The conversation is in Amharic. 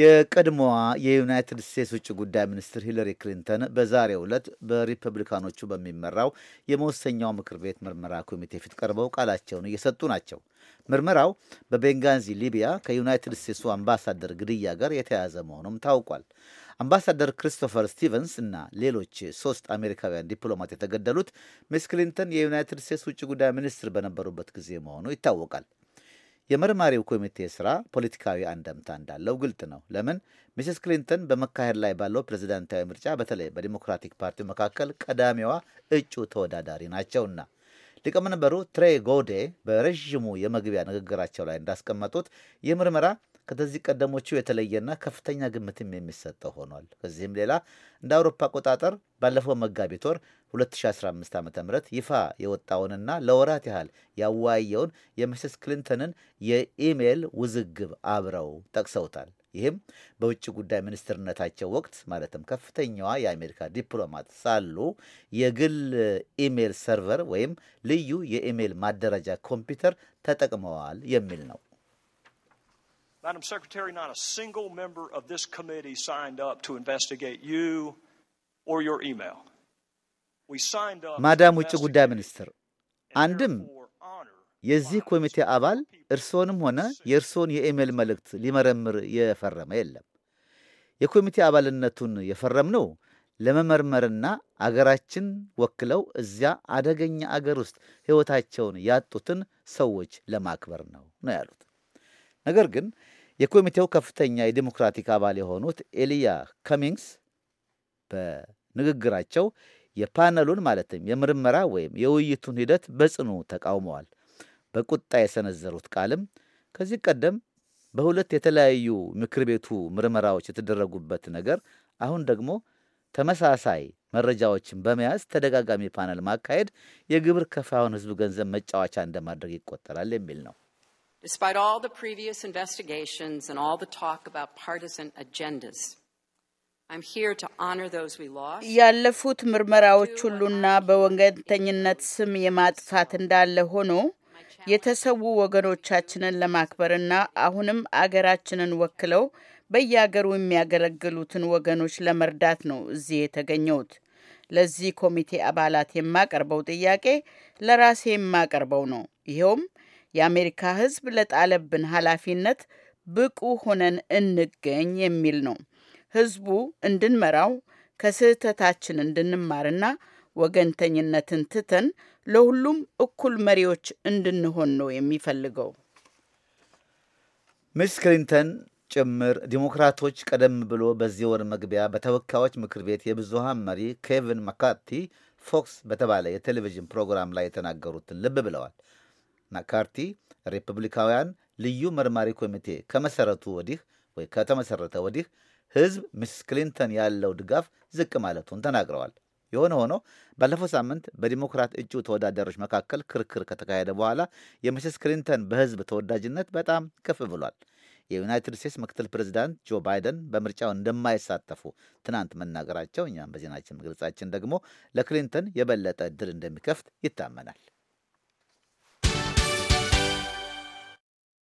የቀድሞዋ የዩናይትድ ስቴትስ ውጭ ጉዳይ ሚኒስትር ሂለሪ ክሊንተን በዛሬ ዕለት በሪፐብሊካኖቹ በሚመራው የመወሰኛው ምክር ቤት ምርመራ ኮሚቴ ፊት ቀርበው ቃላቸውን እየሰጡ ናቸው። ምርመራው በቤንጋዚ ሊቢያ ከዩናይትድ ስቴትሱ አምባሳደር ግድያ ጋር የተያያዘ መሆኑም ታውቋል። አምባሳደር ክሪስቶፈር ስቲቨንስ እና ሌሎች ሶስት አሜሪካውያን ዲፕሎማት የተገደሉት ሚስ ክሊንተን የዩናይትድ ስቴትስ ውጭ ጉዳይ ሚኒስትር በነበሩበት ጊዜ መሆኑ ይታወቃል። የመርማሪው ኮሚቴ ስራ ፖለቲካዊ አንደምታ እንዳለው ግልጥ ነው። ለምን ሚስስ ክሊንተን በመካሄድ ላይ ባለው ፕሬዚዳንታዊ ምርጫ በተለይ በዲሞክራቲክ ፓርቲ መካከል ቀዳሚዋ እጩ ተወዳዳሪ ናቸውና። ሊቀመንበሩ ትሬ ጎዴ በረዥሙ የመግቢያ ንግግራቸው ላይ እንዳስቀመጡት ይህ ምርመራ ከተዚህ ቀደሞቹ የተለየና ከፍተኛ ግምትም የሚሰጠው ሆኗል። ከዚህም ሌላ እንደ አውሮፓ አቆጣጠር ባለፈው መጋቢት ወር 2015 ዓ ም ይፋ የወጣውንና ለወራት ያህል ያወያየውን የሚስስ ክሊንተንን የኢሜይል ውዝግብ አብረው ጠቅሰውታል። ይህም በውጭ ጉዳይ ሚኒስትርነታቸው ወቅት ማለትም ከፍተኛዋ የአሜሪካ ዲፕሎማት ሳሉ የግል ኢሜል ሰርቨር ወይም ልዩ የኢሜል ማደራጃ ኮምፒውተር ተጠቅመዋል የሚል ነው። Madam Secretary, not a single member of this committee signed up to investigate you or your email. We signed up. ማዳም ውጭ ጉዳይ ሚኒስትር አንድም የዚህ ኮሚቴ አባል እርስዎንም ሆነ የእርስዎን የኢሜል መልእክት ሊመረምር የፈረመ የለም። የኮሚቴ አባልነቱን የፈረምነው ለመመርመርና አገራችን ወክለው እዚያ አደገኛ አገር ውስጥ ሕይወታቸውን ያጡትን ሰዎች ለማክበር ነው ነው ያሉት። ነገር ግን የኮሚቴው ከፍተኛ የዲሞክራቲክ አባል የሆኑት ኤልያ ከሚንግስ በንግግራቸው የፓነሉን ማለትም የምርመራ ወይም የውይይቱን ሂደት በጽኑ ተቃውመዋል። በቁጣ የሰነዘሩት ቃልም ከዚህ ቀደም በሁለት የተለያዩ ምክር ቤቱ ምርመራዎች የተደረጉበት ነገር አሁን ደግሞ ተመሳሳይ መረጃዎችን በመያዝ ተደጋጋሚ ፓነል ማካሄድ የግብር ከፋዩን ሕዝብ ገንዘብ መጫወቻ እንደማድረግ ይቆጠራል የሚል ነው። ያለፉት ምርመራዎች ሁሉና በወገንተኝነት ስም የማጥፋት እንዳለ ሆኖ የተሰዉ ወገኖቻችንን ለማክበርና አሁንም አገራችንን ወክለው በየአገሩ የሚያገለግሉትን ወገኖች ለመርዳት ነው እዚህ የተገኘሁት። ለዚህ ኮሚቴ አባላት የማቀርበው ጥያቄ ለራሴ የማቀርበው ነው። ይኸውም የአሜሪካ ሕዝብ ለጣለብን ኃላፊነት ብቁ ሆነን እንገኝ የሚል ነው። ሕዝቡ እንድንመራው ከስህተታችን እንድንማርና ወገንተኝነትን ትተን ለሁሉም እኩል መሪዎች እንድንሆን ነው የሚፈልገው። ሚስ ክሊንተን ጭምር ዲሞክራቶች ቀደም ብሎ በዚህ ወር መግቢያ በተወካዮች ምክር ቤት የብዙሃን መሪ ኬቪን ማካርቲ ፎክስ በተባለ የቴሌቪዥን ፕሮግራም ላይ የተናገሩትን ልብ ብለዋል። ማካርቲ ሪፐብሊካውያን ልዩ መርማሪ ኮሚቴ ከመሰረቱ ወዲህ ወይ ከተመሰረተ ወዲህ ህዝብ ሚስ ክሊንተን ያለው ድጋፍ ዝቅ ማለቱን ተናግረዋል። የሆነ ሆኖ ባለፈው ሳምንት በዲሞክራት እጩ ተወዳዳሪዎች መካከል ክርክር ከተካሄደ በኋላ የሚስስ ክሊንተን በህዝብ ተወዳጅነት በጣም ከፍ ብሏል። የዩናይትድ ስቴትስ ምክትል ፕሬዚዳንት ጆ ባይደን በምርጫው እንደማይሳተፉ ትናንት መናገራቸው፣ እኛም በዜናችን መግለጻችን ደግሞ ለክሊንተን የበለጠ እድል እንደሚከፍት ይታመናል።